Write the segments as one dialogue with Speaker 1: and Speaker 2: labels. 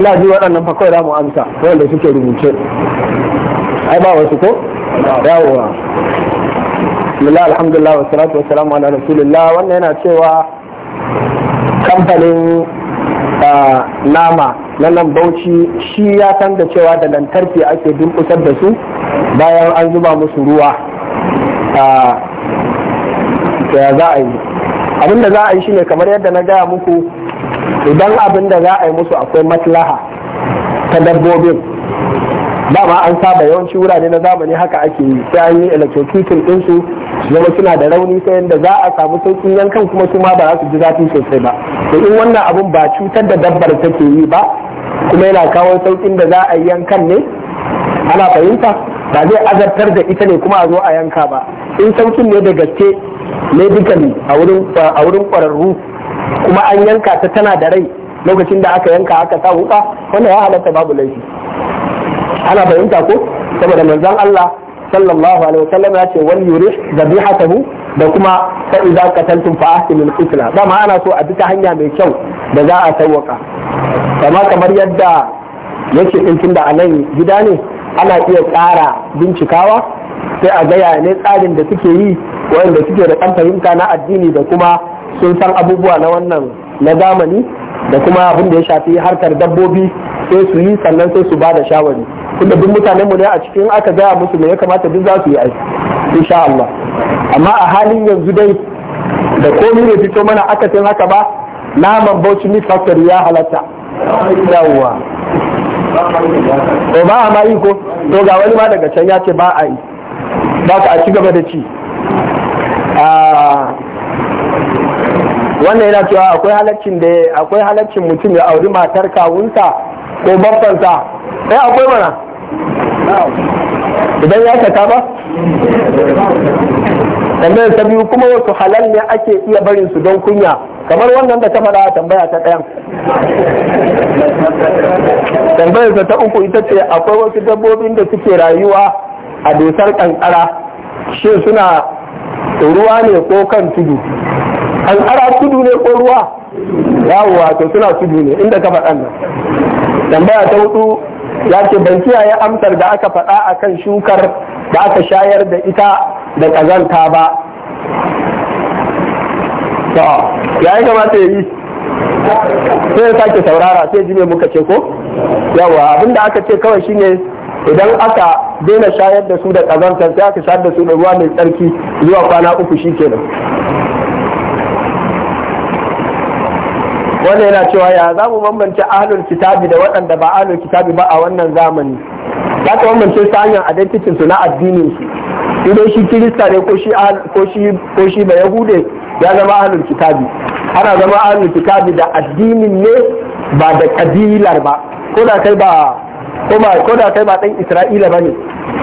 Speaker 1: ina ji waɗannan fa kawai mu amsa wanda suke rubuce ai ba wasu ko yawowa bismillah alhamdulillah wa salatu wa salamu ala rasulillah wannan yana cewa kamfanin nama na nan bauchi shi ya san da cewa da lantarki ake dunkusar da su bayan an zuba musu ruwa ya za a yi abinda za a yi shine kamar yadda na gaya muku idan abin da za a yi musu akwai matlaha ta dabbobin ba dama an saba yawanci wurare na zamani haka ake yi sai an yi electrocutin ɗinsu zama suna da rauni ta yadda za a samu sauƙin yankan kuma su ma ba za su ji zafi sosai ba to in wannan abun ba cutar da dabbar take yi ba kuma yana kawo sauƙin da za a yi yankan ne ana fahimta ba zai azabtar da ita ne kuma a zo a yanka ba in sauƙin ne da gaske medically a wurin a wurin ƙwararru kuma an yanka ta tana da rai lokacin da aka yanka aka sa wuka wanda ya halatta babu laifi ana fahimta ko saboda manzon Allah sallallahu alaihi wasallam ya ce wal yurih dhabihatahu da kuma fa idza qataltum fa ahsinul qitla ma ana so a bi hanya mai kyau da za a sawwaka kama kamar yadda yake din tunda anan gida ne ana iya tsara bincikawa sai a gaya ne tsarin da suke yi wanda suke da ɗan fahimta na addini da kuma sun san abubuwa na wannan na zamani da kuma abin da ya shafi harkar dabbobi sai su yi sannan sai su ba da shawari tunda duk mutanen mu ne a cikin aka gaya musu me ya kamata duk za su yi aiki insha Allah amma a halin yanzu dai da komai ne fito mana aka san haka ba naman Bauchi ni Factory ya halatta yawa to ba a ma yi ko to ga wani ma daga can ya ce ba a yi ba ka a ci gaba da ci ah, wannan yana cewa akwai halaccin da akwai halaccin mutum ya auri matar kawunsa ko babbansa eh akwai mana idan ya kata ba tambayar ta biyu kuma wasu halal ne ake iya barin su don kunya kamar wannan da ta faɗa a tambaya ta ɗayan tambayar ta uku ita ce akwai wasu dabbobin da suke rayuwa a dusar kankara shin suna ruwa ne ko kan tudu an ara tudu ne ko ruwa yawwa to suna tudu ne inda ka faɗan nan tambaya ta hudu ya ce ban kiyaye amsar da aka faɗa a kan shukar da aka shayar da ita da ƙazanta ba to ya yi kamata ya yi sai ya sake saurara sai ji me muka ce ko Yawwa abinda aka ce kawai shine idan aka daina shayar da su da ƙazantar sai aka shayar da su da ruwa mai tsarki zuwa kwana uku shi kenan wanda yana cewa ya za mu bambance ahlul kitabi da waɗanda ba ahlul kitabi ba a wannan zamani za ka bambance su hanyar identitin su na addinin su dai shi kirista ne ko shi ba ya ko ba yahude ya zama ahlul kitabi ana zama ahlul kitabi da addinin ne ba da kabilar ba ko da kai ba ko ba da kai ba dan isra'ila bane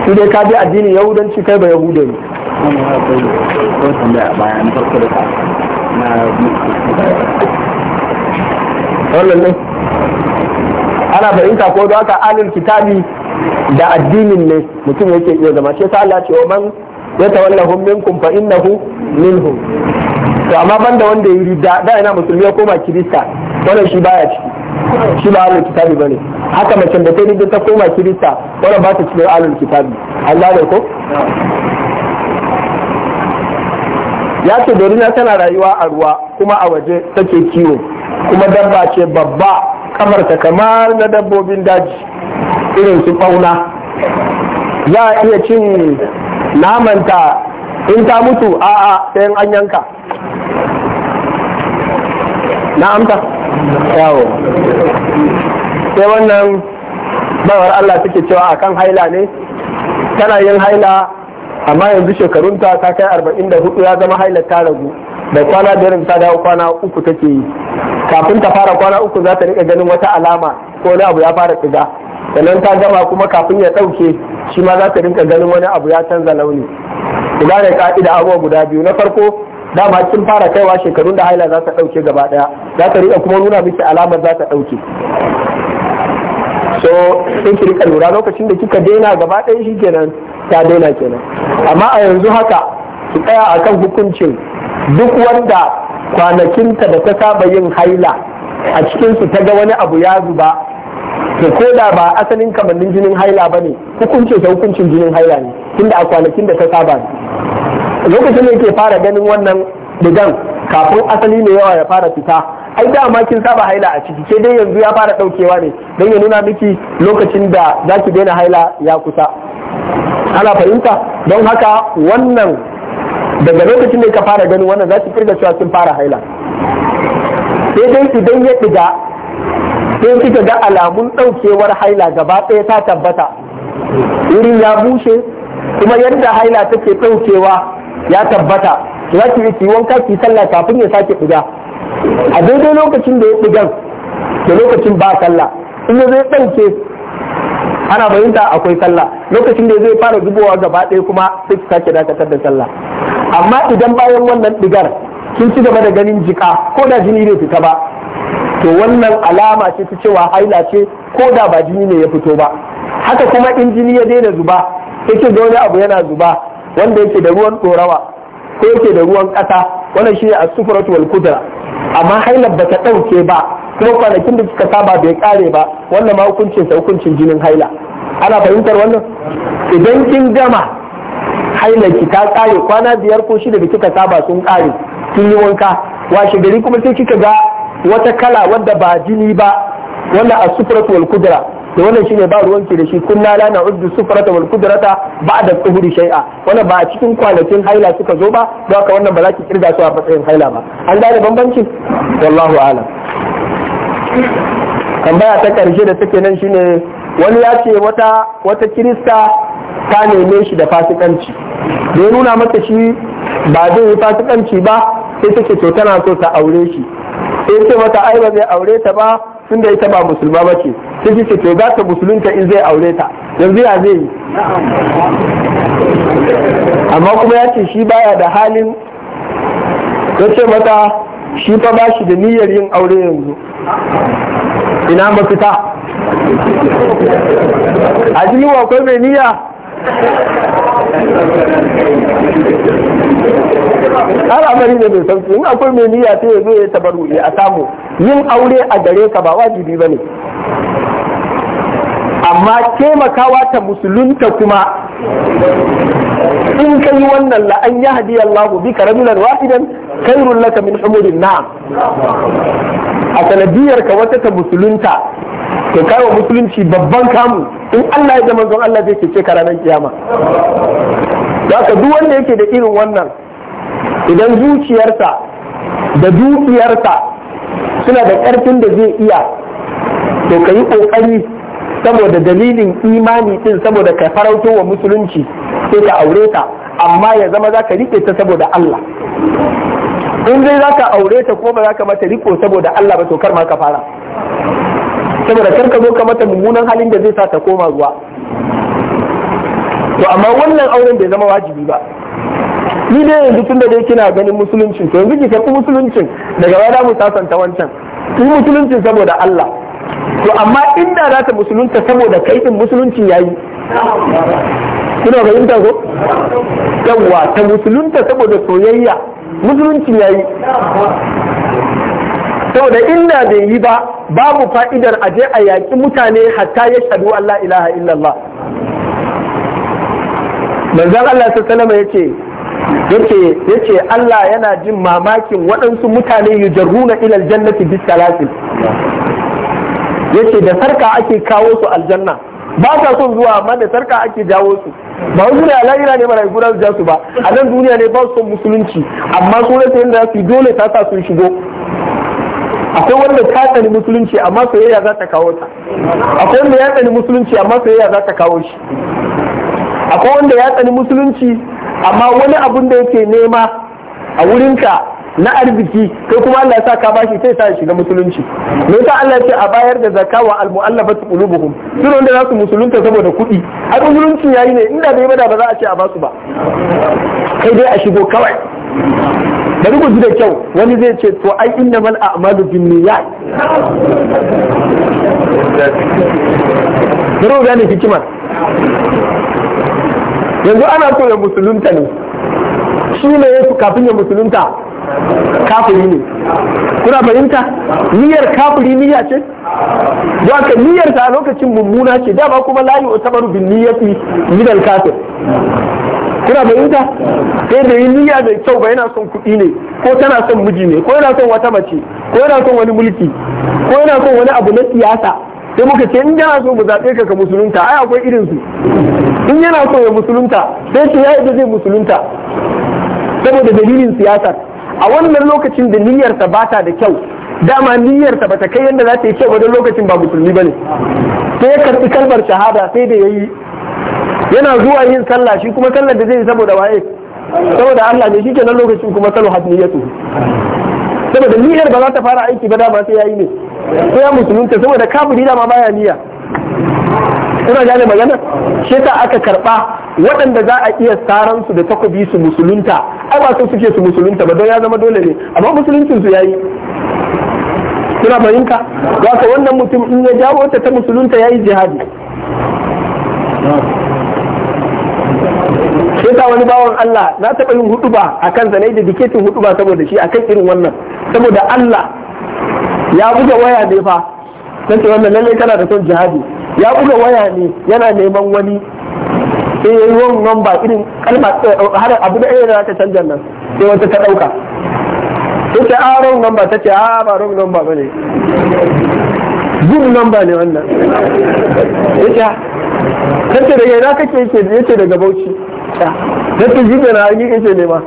Speaker 1: shi dai ka bi addinin yahudanci kai ba yahude ne na wannan ana fahimta ko da haka kitabi da addinin ne mutum yake iya zama shi yasa Allah ce wa man yatawallahum minkum fa innahu minhum to amma banda wanda yi rida da ina musulmi ya koma kirista wannan shi baya
Speaker 2: ciki
Speaker 1: shi ba alul kitabi bane haka mace da ta rida ta koma kirista wannan ba ta cikin alul kitabi Allah ne ko ya ce dorina tana rayuwa a ruwa kuma a waje take kiwo kuma dabba ce babba kafarta kamar na dabbobin daji irin su fauna za a iya cin namanta in ta mutu a a sayan an yanka na amta yawo sai wannan bawar Allah suke cewa a kan haila ne tana yin haila amma yanzu shekarunta ta kai 44 ya zama hailar ta ragu da kwana biyar ta dawo kwana uku take yi kafin ta fara kwana uku za ta rika ganin wata alama ko wani abu ya fara tsiga sannan ta gama kuma kafin ya ɗauke shi ma za ta rinka ganin wani abu ya canza launi kula da ka'ida abuwa guda biyu na farko dama kin fara kaiwa shekarun da haila za ta ɗauke gaba ɗaya za ta rika kuma nuna miki alamar za ta ɗauke so sai ki rika lura lokacin da kika daina gaba ɗaya shi kenan ta daina kenan amma a yanzu haka ki tsaya akan hukuncin duk wanda kwanakinta da ta saba yin haila a cikinsu ta ga wani abu ya zuba to ko da ba asalin kamannin jinin haila ba ne hukunci ta hukuncin jinin haila ne tunda a kwanakin da ta saba ne lokacin da yake fara ganin wannan digan kafin asali ne yawa ya fara fita ai dama kin saba haila a ciki sai dai yanzu ya fara daukewa ne don ya nuna miki lokacin da za ki daina haila ya kusa ana fahimta don haka wannan daga lokacin da ka fara ganin wannan za su firga cewa sun fara haila sai dai idan ya ɗiga sai kika ga alamun ɗaukewar haila gaba ɗaya ta tabbata wurin ya bushe kuma yadda haila take ɗaukewa ya tabbata za ki yi wanka kaki sallah kafin ya sake ɗiga a daidai lokacin da ya ɗigan da lokacin ba sallah in zai ɗauke ana bayanta akwai sallah lokacin da zai fara zubowa gaba ɗaya kuma sai ki sake dakatar da sallah amma idan bayan wannan digar sun ci gaba da ganin jika ko da jini bai fita ba to wannan alama ce ta cewa haila ce ko da ba jini ne ya fito ba haka kuma in jini ya daina zuba yake da wani abu yana zuba wanda yake da ruwan ɗorawa ko yake da ruwan kasa wannan shi ne a sufuratu wal kudura amma hailar ba ta ɗauke ba kuma kwanakin da suka saba bai kare ba wannan ma hukuncin sa hukuncin jinin haila ana fahimtar wannan idan kin gama ki ta kare kwana biyar ko shida da kika saba sun kare kin yi wanka washe gari kuma sai kika ga wata kala wadda ba jini ba wannan a sufrat wal kudura da wannan shine ba ruwanki da shi kun la na uddu sufrat wal kudrata da tsuhuri shay'a wannan ba a cikin kwanakin haila suka zo ba don haka wannan ba za ki kirga su a matsayin haila ba an gane bambancin wallahu a'lam tambaya ta karshe da take nan shine wani ya ce wata wata kirista ta neme shi da fasikanci da ya nuna mata shi ba zai yi fasikanci ba sai take to tana so ta aure shi sai ce mata ai ba zai aure ta ba da ita ba musulma ba ce sai ce to za ta musulunta in zai aure ta yanzu ya zai yi amma kuma ya ce shi baya da halin ya ce mata shi fa ba shi da niyyar yin aure yanzu ina mafita a jini akwai mai niyya al'amari ne mai sauki in akwai mai niyya sai ya zo ya tabaru a samu yin aure a gare ka ba wajibi ba ne amma taimakawa ta musulunta kuma in ka yi wannan la'an ya hadiya Allah bi ka rajulan idan kai rullaka min umurin na, a sanadiyar ka wata ta musulunta to kai wa musulunci babban kamu in Allah ya zama zon Allah zai ce ka ranar kiyama za ka duk wanda yake da irin wannan idan zuciyarsa da dukiyarsa suna da ƙarfin da zai iya to ka yi ƙoƙari saboda dalilin imani ɗin saboda ka farauto wa musulunci sai ka aure ta amma ya zama za ka riƙe ta saboda Allah in zai za ka aure ta ko ba za ka mata riƙo saboda Allah ba to kar ma ka fara saboda kar ka zo ka mata mummunan halin da zai sa ta koma ruwa to amma wannan auren bai zama wajibi ba ni dai yanzu tun da dai kina ganin musuluncin to yanzu ki karɓi musuluncin daga baya mu sasanta wancan ki musuluncin saboda Allah to amma inda za ta musulunta saboda kai din musulunci yayi kuna fahimta ko yawa ta musulunta saboda soyayya musulunci yayi saboda inda bai yi ba babu fa'idar aje a yaƙi mutane hatta ya shaɗu Allah ilaha illallah manzan Allah ta salama ya ce ya ce Allah yana jin mamakin waɗansu mutane yi jarruna ilal jannati bis salasin ya ce da sarka ake kawo su aljanna ba sa son zuwa amma da sarka ake jawo su ba wani ne lahira ne mara gudanar da su ba a nan duniya ne ba su son musulunci amma su rasa yadda su dole ta sa sun shigo akwai wanda ta tsani musulunci amma soyayya za ta kawo ta akwai wanda ya tsani musulunci amma soyayya za ta kawo shi akwai wanda ya tsani musulunci amma wani abun da yake nema a wurinka na arziki kai kuma Allah ya sa ka bashi sai sa shiga musulunci me yasa Allah ya ce a bayar da zakka wa almu'allafatu qulubuhum sun wanda za su musulunta saboda kuɗi a musulunci yayi ne inda bai bada ba za a ce a ba su ba kai dai a shigo kawai bari ku ji da kyau wani zai ce to ai innamal a'malu binniyat bari gane hikimar yanzu ana so ya musulunta ne shi ne ya kafin ya musulunta kafiri ne kuna fahimta niyyar kafiri niyya ce don haka niyyar ta a lokacin mummuna ce dama kuma la yu'tabaru bin niyyafi minal kafir kuna fahimta sai da yi niyya mai kyau ba yana son kuɗi ne ko tana son miji ne ko yana son wata mace ko yana son wani mulki ko yana son wani abu na siyasa sai muka ce in yana so mu zaɓe ka ka musulunta ai akwai irin su in yana so ya musulunta sai ce ya da zai musulunta saboda dalilin siyasar a wannan lokacin da niyyarsa ba ta da kyau dama niyyarsa ba ta kai yadda za ta yi kyau wajen lokacin ba musulmi ba ne sai ya karɓi kalmar shahada sai da ya yi yana zuwa yin sallah shi kuma sallar da zai yi saboda waye saboda Allah ne shi kenan lokacin kuma salu had niyyatu saboda niyyar ba za ta fara aiki ba dama sai ya yi ne sai ya musulunta saboda kafiri dama baya niyya kuna gane magana shi ta aka karɓa waɗanda za a iya saransu da takobi su musulunta ai ba su suke su musulunta ba don ya zama dole ne amma musuluncin su yayi kuna fahimta ga ka wannan mutum in ya jawo ta ta musulunta yayi jihadi sai ta wani bawan Allah na taɓa yin hudu ba a kan zanai da diketin hudu ba saboda shi akan irin wannan saboda Allah ya buga waya ne fa nan wannan lallai tana da son jihadi ya buga waya ne yana neman wani sai ya yi wrong number irin kalma eh, har abu da ɗaya da ta canja nan sai wata ta ɗauka sai ta aron ah, wrong number ta ce a ah, ba wrong number ba ne good number ne wannan yace ta ce daga yana kake yake yace daga bauchi ta ce jibe na hangi yake ne ma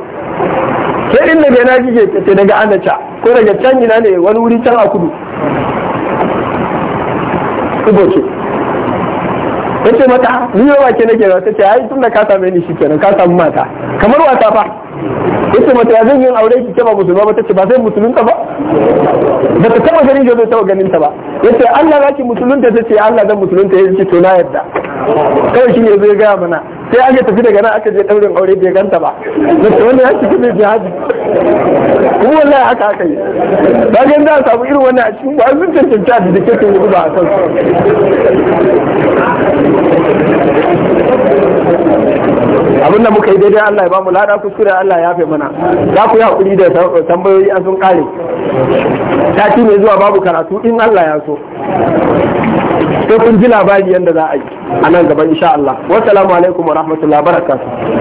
Speaker 1: ke in daga yana kike ce daga anacha ko daga can ina ne wani wuri can a kudu kubo ce kace mata ni yawa ke nake ba ta ce ai tun da ka same ni shi kenan ka samu mata kamar wata fa yace mata ya zan yin aure ki ce ba musulma ba tace ba sai musulunta ba ba ta taba ganin zai taba ganin ta ba yace Allah za zaki musulunta ce Allah zan musulunta yace to na yadda kawai shi ne zai gaya mana sai aka tafi daga nan aka je daurin aure bai ganta ba yace wanda ya shiga bai jihadi kuma wallahi haka aka yi ba ga za a samu irin wannan a cikin ba sun cancanta da dake ke yi ba a kansu abinda muka yi daidai Allah ya bamu lada kuskure Allah ya yafe mana za ku yi hakuri da tambayoyi a sun ta ci mai zuwa babu karatu in Allah ya so sai kun ji labari yadda za a yi a nan gaba insha Allah wassalamu alaikum wa rahmatullahi wa
Speaker 2: barakatuh